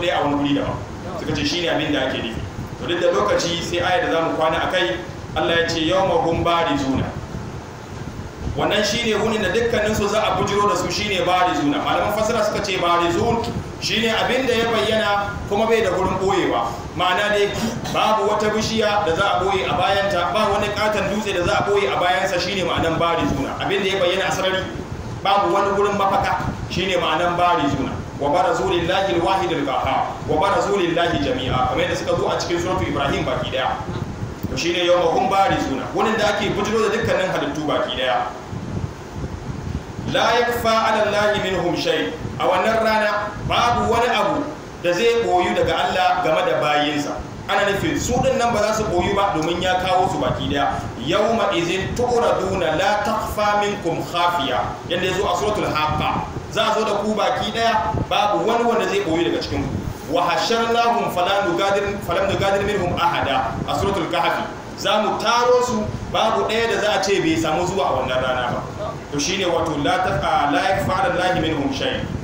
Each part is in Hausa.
dai a wani da daban suka ce shine abin da ake nufi to duk da lokaci sai aya da zamu kwana akai Allah ya ce yawma hum barizuna wannan shine wunin da dukkanin su za a bujiro da su shine barizuna malaman fasara suka ce barizun shine abin da ya bayyana kuma bai da gurin boyewa ma'ana dai babu wata bishiya da za a boye a bayanta ba wani katon dutse da za a boye a bayansa shine ma'anan barizuna abin da ya bayyana a sarari babu wani gurin mafaka shine ma'anan barizuna wa da lillahi alwahid alqahhar wa barazu lillahi jami'a kamar yadda suka zo a cikin suratu ibrahim baki daya to shine yawma hum barizuna wurin da ake bujiro da dukkanin halittu baki daya la yakfa ala allahi shay a wannan rana babu wani abu da zai koyu daga Allah game da bayinsa ana nufin su din nan ba za su boyu ba domin ya kawo su baki daya ma izin tura duna la kum minkum khafiya ya zo a suratul haqqa za a zo da ku baki daya babu wani wanda zai boyu daga cikin ku wa hasharnahum fala nugadir falam nugadir minhum ahada a suratul kahafi za mu taro su babu ɗaya da za a ce bai samu zuwa a wannan rana ba to shine wato la ta la yakfa minhum shay'in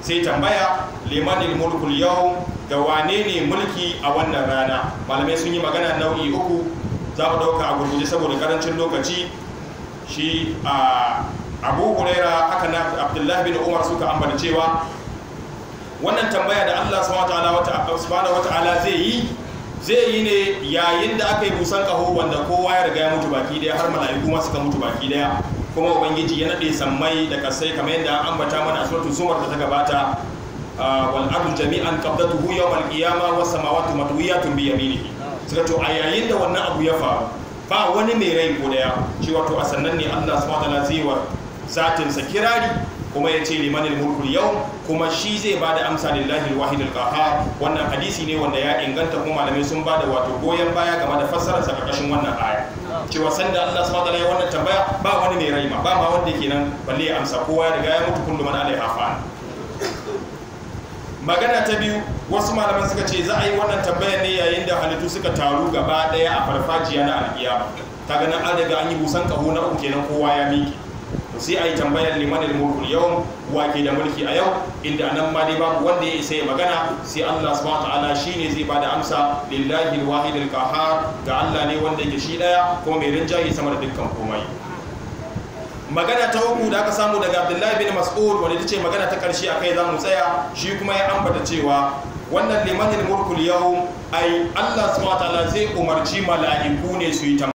sai tambaya limanil mulkul yau da wane ne mulki a wannan rana malamai sun yi magana nau'i uku za mu ɗauka a gurguje saboda karancin lokaci shi a abu huraira haka na abdullahi bin umar suka ambata cewa wannan tambaya da allah subhanahu wa ta'ala zai yi zai yi ne yayin da aka yi busan kaho wanda kowa ya riga ya mutu baki daya har mala'iku ma suka mutu baki daya kuma ubangiji ya nade sammai da kasai kamar yadda ambata mana a suratul zumar da ta gabata wal ardu jami'an qabdatuhu al qiyama was samawati matwiyatun bi yaminihi suka to a yayin da wannan abu ya faru ba wani mai rai ko daya shi wato a sannan ne Allah subhanahu wataala zai wa zatin sa kirari kuma ya ce limanil mulkul yau kuma shi zai bada amsa lillahi al alqahar wannan hadisi ne wanda ya inganta kuma malamai sun bada wato goyon baya game da fassarar sa wannan aya cewa da Allah subhanahu wataala ya wannan tambaya ba wani mai raima ba ma wanda yake nan balle ya amsa kowa ya riga ya mutu kullum man alaiha hafa magana ta biyu wasu malaman suka ce za a yi wannan tambayar ne yayin da halittu suka taru gaba daya a farfajiya na alkiyama ta ganin an riga an yi busan kaho na uku kenan kowa ya miƙe sai a yi tambayar liman mulkul yau wake da mulki a yau inda nan ma dai babu wanda ya isa ya magana sai Allah subhanahu ta'ala shine zai bada amsa lillahi alwahid alqahar ga Allah ne wanda yake shi daya kuma mai rinjaye sama da dukkan komai magana ta uku da aka samu daga Abdullahi bin Mas'ud wanda ce magana ta karshe za mu tsaya shi kuma ya ambata cewa wannan liman mulkul yau ai Allah subhanahu ta'ala zai umarci mala'iku ne su yi